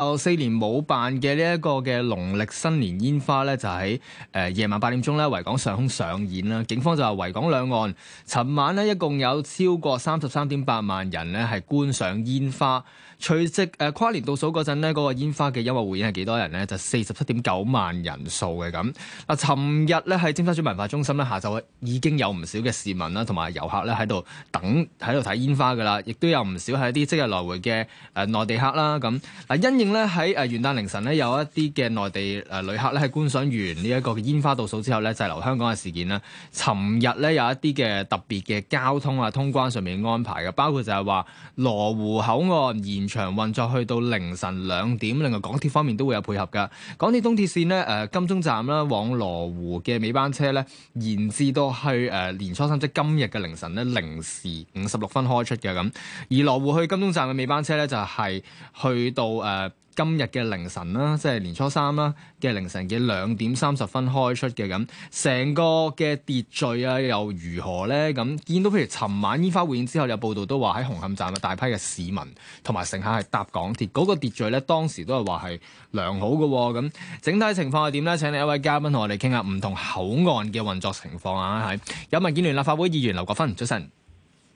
哦，四年冇辦嘅呢一個嘅農曆新年煙花咧，就喺誒夜晚八點鐘咧，維港上空上演啦。警方就話維港兩岸，尋晚咧一共有超過三十三點八萬人咧係觀賞煙花。隨即誒、呃、跨年倒數嗰陣咧，嗰、那個煙花嘅音樂匯演係幾多少人呢？就四十七點九萬人數嘅咁。嗱，尋日咧喺尖沙咀文化中心呢，下晝已經有唔少嘅市民啦同埋遊客咧喺度等喺度睇煙花噶啦，亦都有唔少係一啲即日來回嘅誒、呃、內地客啦。咁、啊、嗱，因應呢，喺誒元旦凌晨呢，有一啲嘅內地誒旅客咧喺觀賞完呢一個嘅煙花倒數之後呢，滯留香港嘅事件啦，尋日呢，有一啲嘅特別嘅交通啊通關上面安排嘅，包括就係話羅湖口岸延長運作去到凌晨兩點，另外港鐵方面都會有配合噶。港鐵東鐵綫呢，誒金鐘站呢，往羅湖嘅尾班車呢，延至到去誒年初三，即今日嘅凌晨呢，零時五十六分開出嘅咁。而羅湖去金鐘站嘅尾班車呢，就係、是、去到誒。呃今日嘅凌晨啦，即係年初三啦嘅凌晨嘅兩點三十分開出嘅咁，成個嘅秩序啊又如何呢？咁見到譬如尋晚煙花匯演之後有報道都話喺紅磡站有大批嘅市民同埋乘客係搭港鐵，嗰、那個秩序呢，當時都係話係良好嘅咁。整體情況係點呢？請嚟一位嘉賓同我哋傾下唔同口岸嘅運作情況啊！係有民建聯立法會議員劉國勳，早晨。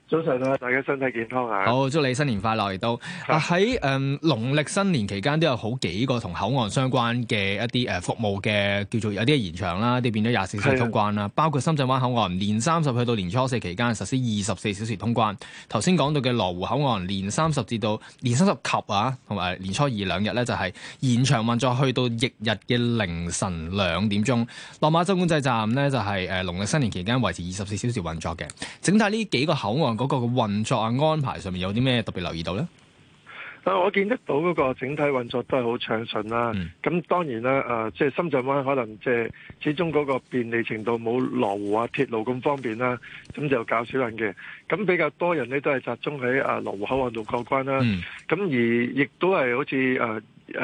早晨啊，大家身體健康啊，好，祝你新年快樂。亦都是啊喺誒農曆新年期間都有好幾個同口岸相關嘅一啲誒、呃、服務嘅叫做有啲延長啦，啲變咗廿四小時通關啦。的包括深圳灣口岸，年三十去到年初四期間實施二十四小時通關。頭先講到嘅羅湖口岸，年三十至到年三十及啊，同埋年初二兩日咧就係延長運作去到翌日嘅凌晨兩點鐘。落馬洲管制站咧就係誒農曆新年期間維持二十四小時運作嘅。整體呢幾個口岸。嗰個運作啊安排上面有啲咩特別留意到呢？啊，我見得到嗰個整體運作都係好暢順啦。咁、嗯、當然啦，誒、啊，即、就、係、是、深圳灣可能即係始終嗰個便利程度冇羅湖啊鐵路咁方便啦。咁就較少人嘅。咁比較多人呢，都係集中喺啊羅湖口岸度過關啦。咁、嗯、而亦都係好似誒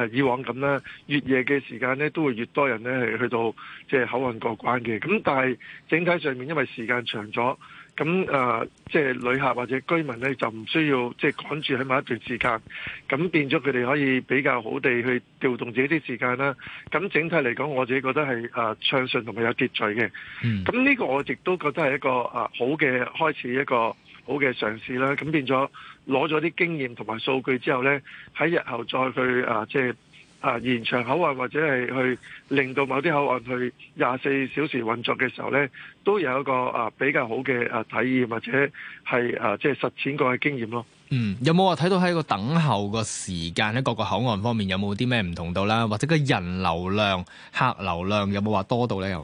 誒以往咁啦，越夜嘅時間呢，都會越多人呢係去到即係、就是、口岸過關嘅。咁但係整體上面因為時間長咗。咁誒、呃，即係旅客或者居民咧，就唔需要即係趕住喺某一段時間，咁變咗佢哋可以比較好地去調動自己啲時間啦。咁整體嚟講，我自己覺得係誒、呃、暢順同埋有秩序嘅。咁呢個我亦都覺得係一個誒、呃、好嘅開始，一個好嘅嘗試啦。咁變咗攞咗啲經驗同埋數據之後咧，喺日後再去誒、呃、即係。啊！延長口岸或者係去令到某啲口岸去廿四小時運作嘅時候呢，都有一個啊比較好嘅啊體驗或者係啊即係，就是，實踐過嘅經驗咯。嗯，有冇話睇到喺個等候個時間呢？各個口岸方面有冇啲咩唔同到啦？或者個人流量，客流量有冇話多到呢？又，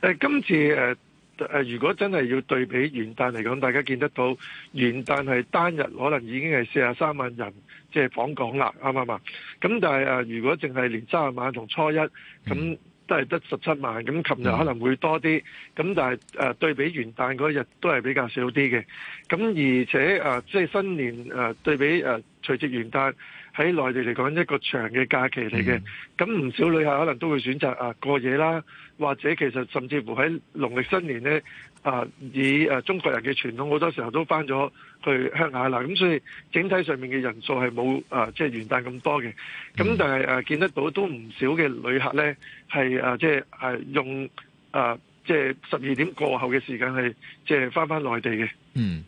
啊，今次，呃誒，如果真係要對比元旦嚟講，大家見得到元旦係單日可能已經係四十三萬人即係訪港啦，啱唔啱？咁但係誒，如果淨係年三十晚同初一，咁都係得十七萬，咁琴日可能會多啲，咁、嗯、但係誒對比元旦嗰日都係比較少啲嘅，咁而且誒即係新年誒對比誒除夕元旦。喺內地嚟講，一個長嘅假期嚟嘅，咁唔、嗯、少旅客可能都會選擇啊過夜啦，或者其實甚至乎喺農曆新年呢，啊，以中國人嘅傳統，好多時候都翻咗去鄉下啦。咁所以整體上面嘅人數係冇啊，即、就、係、係、元旦咁多嘅。咁但係誒、啊、見得到都唔少嘅旅客呢，係啊即係、即係啊、用啊即係十二點過後嘅時間係即係返返內地嘅。嗯。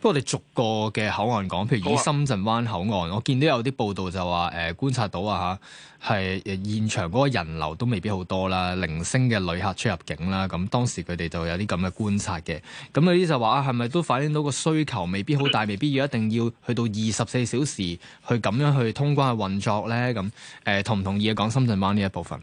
不過我哋逐個嘅口岸講，譬如以深圳灣口岸，啊、我見到有啲報道就話，誒、呃、觀察到啊吓，係現場嗰個人流都未必好多啦，零星嘅旅客出入境啦，咁當時佢哋就有啲咁嘅觀察嘅，咁佢啲就話係咪都反映到個需求未必好大，未必要一定要去到二十四小時去咁樣去通關去運作咧？咁誒、呃、同唔同意啊？講深圳灣呢一部分？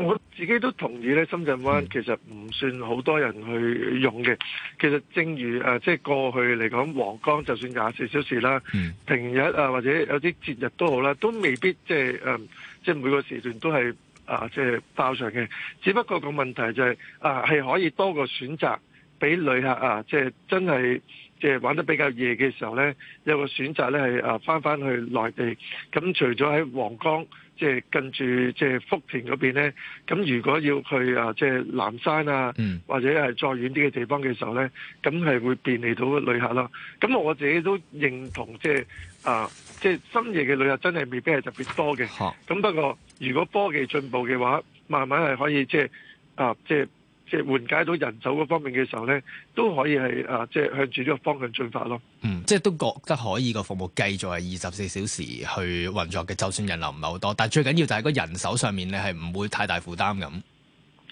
我自己都同意咧，深圳灣其實唔算好多人去用嘅。嗯、其實正如即係過去嚟講，皇崗就算廿四小時啦，嗯、平日啊或者有啲節日都好啦，都未必即係即係每個時段都係啊，即係爆場嘅。只不過個問題就係、是、啊，係可以多個選擇俾旅客啊，即、就、係、是、真係即係玩得比較夜嘅時候咧，有個選擇咧係返翻返去內地。咁除咗喺皇崗。即係跟住即係福田嗰邊咧，咁如果要去啊，即係南山啊，或者係再遠啲嘅地方嘅時候咧，咁係會便利到旅客啦。咁我自己都認同，即係啊，即係深夜嘅旅客真係未必係特別多嘅。咁不過如果科技進步嘅話，慢慢係可以即係啊，即係。即係緩解到人手嗰方面嘅時候咧，都可以係啊，即係向住呢個方向進發咯。嗯，即係都覺得可以個服務繼續係二十四小時去運作嘅，就算人流唔係好多，但係最緊要就係個人手上面咧係唔會太大負擔咁。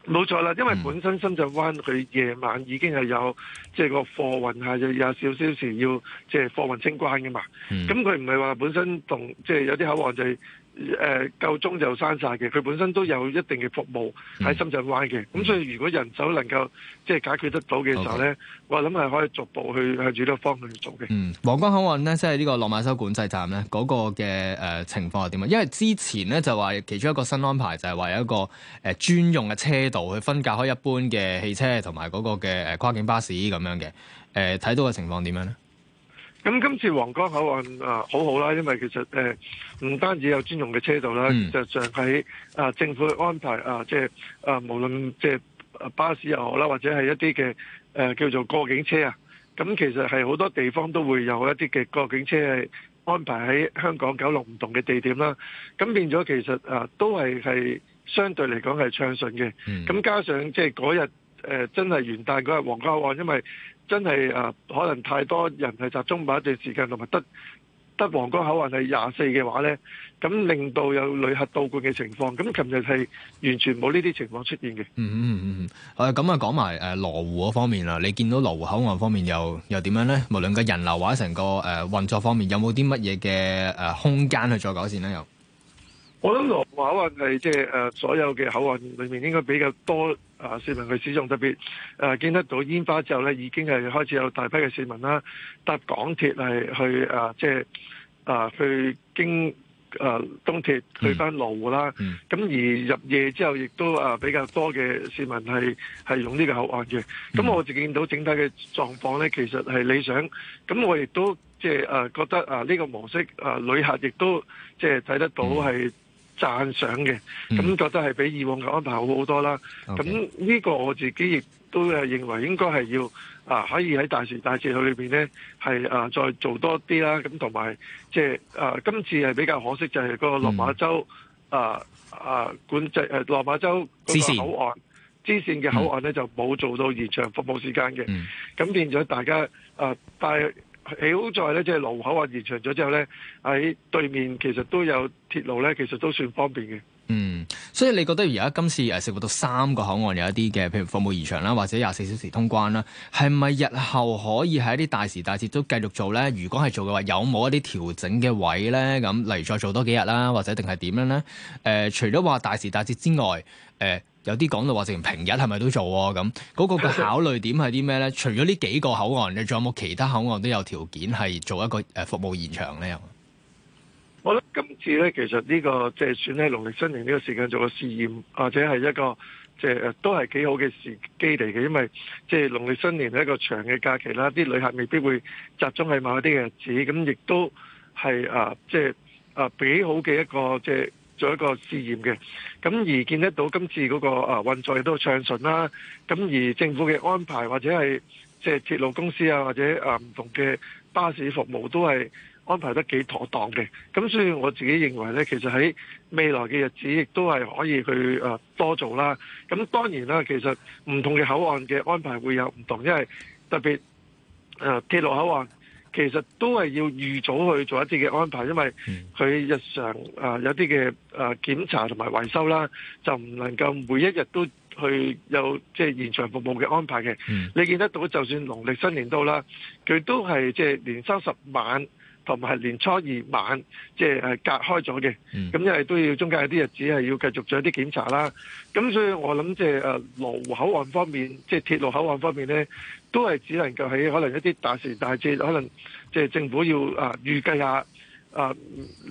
冇錯啦，因為本身深圳灣佢夜晚已經係有即係個貨運啊，係有少少時要即係貨運清關嘅嘛。咁佢唔係話本身同即係有啲口岸就係。誒、呃、夠鐘就閂晒嘅，佢本身都有一定嘅服務喺深圳灣嘅，咁、嗯、所以如果人手能夠即係解決得到嘅時候咧，Okay. 我諗係可以逐步去向住呢個方向去做嘅。嗯，皇崗口岸咧，即係呢個落馬洲管制站咧，嗰、那個嘅、呃、情況係點啊？因為之前咧就話其中一個新安排就係話有一個誒、呃、專用嘅車道去分隔開一般嘅汽車同埋嗰個嘅跨境巴士咁樣嘅，誒、呃、睇到嘅情況點樣咧？咁今次黃江口岸啊、呃，好好啦，因為其實誒唔、呃、單止有專用嘅車道啦，實際上喺啊政府安排啊、呃，即係啊、呃、無論即係巴士又好啦，或者係一啲嘅誒叫做過境車啊，咁其實係好多地方都會有一啲嘅過境車係安排喺香港九龍唔同嘅地點啦，咁變咗其實啊、呃、都係係相對嚟講係暢順嘅。咁、嗯、加上即係嗰日誒真係元旦嗰日黃江口岸，因為真係誒，可能太多人係集中某一段時間，同埋得得皇崗口岸係廿四嘅話咧，咁令到有旅客倒灌嘅情況。咁琴日係完全冇呢啲情況出現嘅。嗯嗯嗯嗯，誒咁啊，講埋誒羅湖嗰方面啦。你見到羅湖口岸方面又又點樣咧？無論個人流或者成個誒運作方面，有冇啲乜嘢嘅誒空間去再改善咧？又？我諗羅湖口岸係即係誒所有嘅口岸裏面應該比較多啊、呃、市民去使用，特別誒見得到煙花之後咧，已經係開始有大批嘅市民啦搭港鐵係去誒即係誒去經誒東鐵去翻羅湖啦。咁、mm hmm. 而入夜之後，亦都誒比較多嘅市民係係用呢個口岸嘅。咁我就見到整體嘅狀況咧，其實係理想。咁我亦都即係誒覺得啊呢個模式啊旅、呃、客亦都即係睇得到係。Mm hmm. 讚賞嘅，咁覺得係比以往嘅安排好好多啦。咁呢個我自己亦都係認為應該係要啊，可以喺大時大節裏邊咧係啊再做多啲啦。咁同埋即係啊今次係比較可惜就係嗰個落馬洲、嗯、啊啊管制誒落、啊、馬洲嗰個口岸，支線嘅口岸咧、嗯、就冇做到延長服務時間嘅，咁、嗯、變咗大家啊帶。好在咧，即係路口啊延長咗之後咧，喺對面其實都有鐵路咧，其實都算方便嘅。嗯，所以你覺得而家今次誒，涉、呃、及到三個口岸有一啲嘅，譬如服務延長啦，或者廿四小時通關啦，係咪日後可以喺啲大時大節都繼續做咧？如果係做嘅話，有冇一啲調整嘅位咧？咁例如再做多幾日啦，或者定係點樣咧？誒、呃，除咗話大時大節之外，誒、呃。有啲講到話，成平日係咪都做咁啊？嗰個嘅考慮點係啲咩咧？ 除咗呢幾個口岸你仲有冇其他口岸都有條件係做一個誒服務延長咧？ 我覺得今次咧，其實呢、呢個即係選喺農曆新年呢個時間做個試驗，或者係一個即係都係幾好嘅時機嚟嘅，因為即係農曆新年係一個長嘅假期啦，啲旅客未必會集中喺某啲嘅日子，咁亦都係啊，即係啊，幾好嘅一個即係，做一個試驗嘅，咁而見得到今次嗰個誒運作亦都暢順啦。咁而政府嘅安排或者係即係鐵路公司啊，或者誒唔同嘅巴士服務都係安排得幾妥當嘅。咁所以我自己認為呢，其實喺未來嘅日子亦都係可以去誒多做啦。咁當然啦，其實唔同嘅口岸嘅安排會有唔同，因為特別誒，呃，鐵路口岸。其實都係要預早去做一啲嘅安排，因為佢日常啊、呃、有啲嘅、呃、檢查同埋維修啦，就唔能夠每一日都去有即係現場服務嘅安排嘅。 你見得到就算農曆新年到啦，佢都係即係年三十晚。同埋年初二晚，即係誒隔開咗嘅。咁、mm. 因為都要中間有啲日子係要繼續做一啲檢查啦。咁所以我諗，即係誒羅湖口岸方面，即係鐵路口岸方面咧，都係只能夠喺可能一啲大時大節可能即係政府要啊預計下啊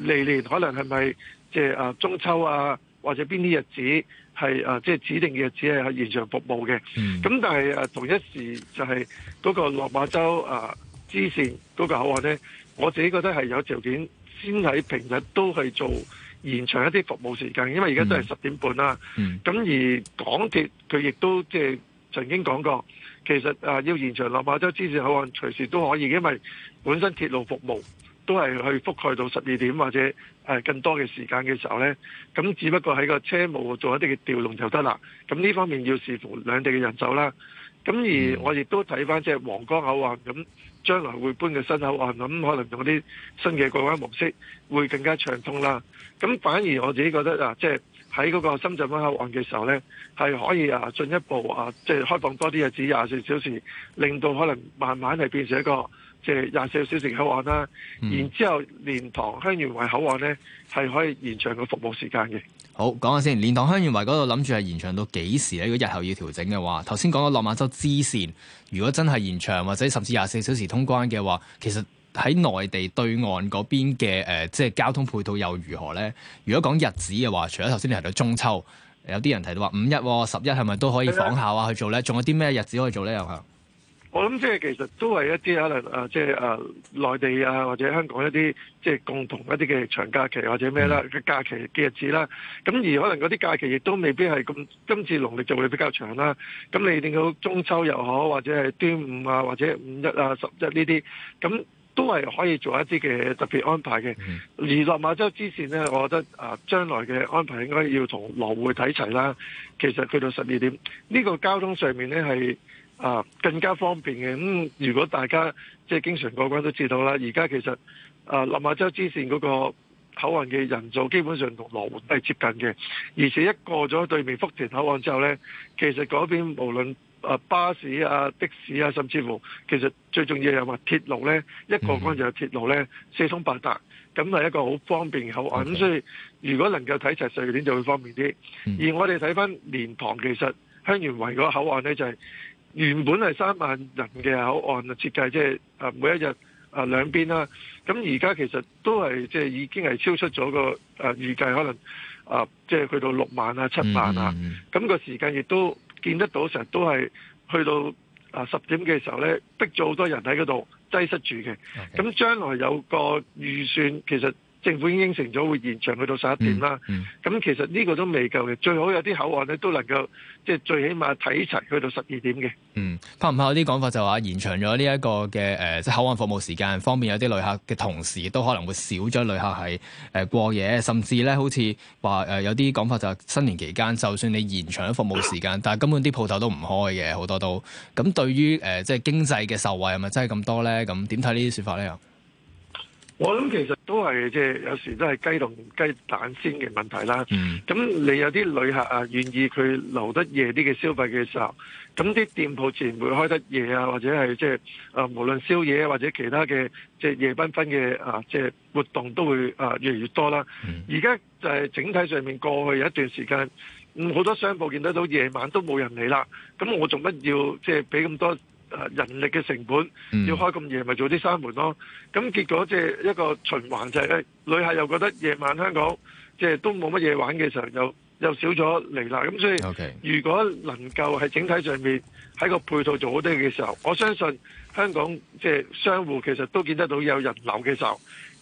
嚟年可能係咪即係啊中秋啊或者邊啲日子係啊即係指定嘅日子係延長服務嘅。咁、mm. 但係誒同一時就係嗰個落馬洲啊支線嗰個口岸咧。我自己覺得係有條件先喺平日都去做延長一啲服務時間，因為而家都係十點半啦。咁、嗯嗯、而港鐵佢亦都即係曾經講過，其實啊要延長落馬洲支線口岸隨時都可以，因為本身鐵路服務都係去覆蓋到十二點或者誒更多嘅時間嘅時候呢。咁只不過喺個車務做一啲嘅調動就得啦。咁呢方面要視乎兩地嘅人手啦。咁、嗯、而我亦都睇翻即係皇崗口岸咁，將來會搬嘅新口岸咁，可能用啲新嘅過關模式，會更加暢通啦。咁反而我自己覺得啊，即係喺嗰個深圳灣口岸嘅時候呢，係可以啊進一步啊，即、就、係、是、開放多啲日子廿四小時，令到可能慢慢係變成一個。即係廿四小時口岸啦，嗯、然之後蓮塘香園圍口岸咧，係可以延長個服務時間嘅。好，講下先，蓮塘香園圍嗰度諗住係延長到幾時咧？如果日後要調整嘅話，頭先講到落馬洲支線，如果真係延長或者甚至廿四小時通關嘅話，其實喺內地對岸嗰邊嘅誒，即係交通配套又如何咧？如果講日子嘅話，除咗頭先你提到中秋，有啲人提到話五一、十一係咪都可以仿效啊去做咧？仲的有啲咩日子可以做咧？又我諗即係其實都係一啲可能誒，即係誒內地啊或者香港一啲即係共同一啲嘅長假期或者咩啦嘅假期嘅日子啦。咁而可能嗰啲假期亦都未必係咁今次農曆就會比較長啦。咁你定到中秋又好，或者係端午啊，或者五一啊、十一呢啲，咁都係可以做一啲嘅特別安排嘅。而落馬洲之線，呢我覺得誒、啊、將來嘅安排應該要同羅湖睇齊啦。其實去到十二點呢個交通上面呢係。啊，更加方便嘅咁、嗯。如果大家即係經常過關都知道啦，而家其實啊，落馬洲支線嗰個口岸嘅人數基本上同羅湖都係接近嘅，而且一過咗對面福田口岸之後呢，其實嗰邊無論巴士啊的士啊，甚至乎其實最重要又係話鐵路呢，mm hmm. 一過關就有鐵路呢，四通八達，咁係一個好方便嘅口岸。咁 Okay. 所以如果能夠睇齊歲月就會方便啲。Mm hmm. 而我哋睇翻蓮塘，其實香園圍嗰個口岸呢，就係、是。原本係三萬人嘅口岸啊，設計即係啊每一日啊兩邊啦，咁而家其實都係即係已經係超出咗個啊預計可能啊、呃、即係去到六萬啊七萬啊，咁、啊嗯、個時間亦都見得到成日都係去到啊十、呃、點嘅時候咧，逼咗好多人喺嗰度擠塞住嘅，咁將 Okay. 來有個預算其實。政府已經應承咗會延長去到十一點啦。咁、嗯嗯、其實呢個都未夠嘅，最好有啲口岸咧都能夠即係最起碼睇齊去到十二點嘅。嗯，怕唔怕有啲講法就話延長咗呢一個嘅即係口岸服務時間，方便有啲旅客嘅同時，都可能會少咗旅客係誒、呃、過夜，甚至咧好似話、呃、有啲講法就係新年期間，就算你延長服務時間， 但係根本啲鋪頭都唔開嘅，好多都。咁對於即係、呃就是、經濟嘅受惠係咪真係咁多咧？咁點睇呢啲說法咧？我諗其實都係即係有時都係雞同雞蛋先嘅問題啦。咁你有啲旅客啊，願意佢留得夜啲嘅消費嘅時候，咁啲店鋪自然會開得夜啊，或者係即係啊，無論宵夜或者其他嘅即係夜繽紛嘅啊，即係活動都會啊越嚟越多啦。而家、嗯、就係整體上面過去有一段時間，好多商鋪見得到夜晚都冇人嚟啦。咁我做乜要即係俾咁多？人力嘅成本、嗯、要開咁夜，咪做啲閂門咯。咁、嗯、結果即係一個循環就係、是、咧，旅、呃、客又覺得夜晚香港即係、呃、都冇乜嘢玩嘅時候，又又少咗嚟啦。咁、嗯、所以，Okay. 如果能夠喺整體上面喺個配套做好啲嘅時候，我相信香港即係、呃、商戶其實都見得到有人流嘅時候，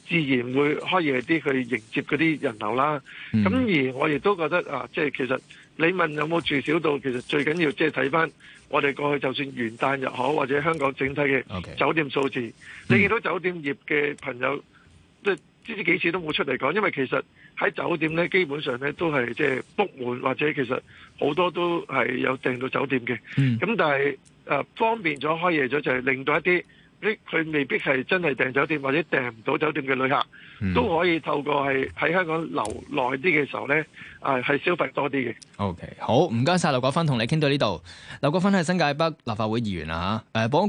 自然會開夜啲去迎接嗰啲人流啦。咁、嗯嗯、而我亦都覺得啊，即係其實你問有冇住少到，其實最緊要即係睇翻。我哋過去就算元旦入行或者香港整體嘅酒店數字，你見 Okay. 到酒店業嘅朋友，即係知唔知幾次都冇出嚟講，因為其實喺酒店咧，基本上咧都係即係 book 滿或者其實好多都係有訂到酒店嘅。咁、mm. 但係、呃、方便咗開夜咗，就係、是、令到一啲。佢未必係真係訂酒店或者訂唔到酒店嘅旅客，都可以透過係喺香港留耐啲嘅時候咧，啊，係消費多啲嘅。OK，好，唔該晒。劉國勳，同你傾到呢度。劉國勳係新界北立法會議員啊。吓，誒，保。